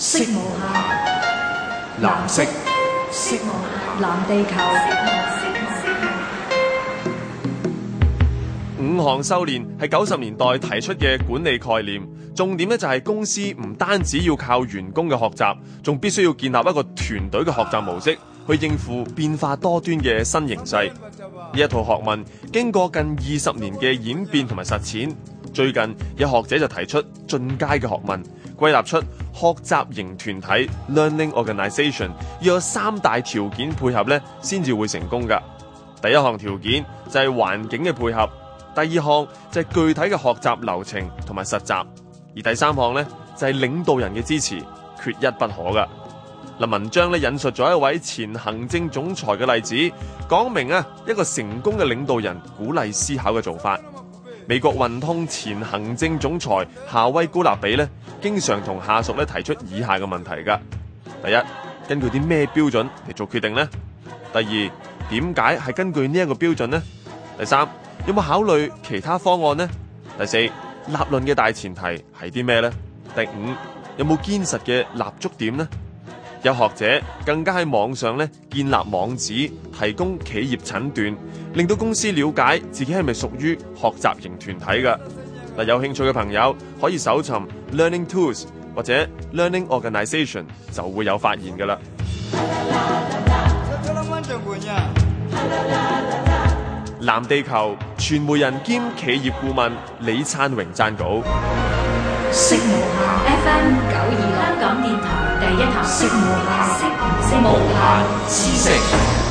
色無藍色。色無藍，色藍地球。五行修煉係九十年代提出嘅管理概念，重點咧就係公司唔單止要靠員工嘅學習，仲必須要建立一個團隊嘅學習模式，去應付變化多端嘅新形勢。呢、啊、一套學問經過近二十年嘅演變同埋實踐。最近有學者就提出進階嘅學問，歸納出學習型團體 （learning organization） 要有三大條件配合咧，先至會成功噶。第一項條件就係環境嘅配合，第二項就係具體嘅學習流程同埋實習，而第三項咧就係領導人嘅支持，缺一不可噶。嗱，文章咧引述咗一位前行政總裁嘅例子，講明啊一個成功嘅領導人鼓勵思考嘅做法。美國運通前行政總裁夏威高納比咧，經常同下屬咧提出以下嘅問題噶：第一，根據啲咩標準嚟做決定呢？第二，點解係根據呢一個標準呢？第三，有冇考慮其他方案呢？第四，立論嘅大前提係啲咩呢？第五，有冇堅實嘅立足點呢？有學者更加喺網上咧建立網址，提供企業診斷，令到公司了解自己係咪屬於學習型團體嘅。嗱，有興趣嘅朋友可以搜尋 learning tools 或者 learning organization，就會有發現嘅啦。藍、啊啊啊啊、地球傳媒人兼企業顧問李燦榮撰稿。FM 92香港電台第一台，識息無限，無息無限知識。息限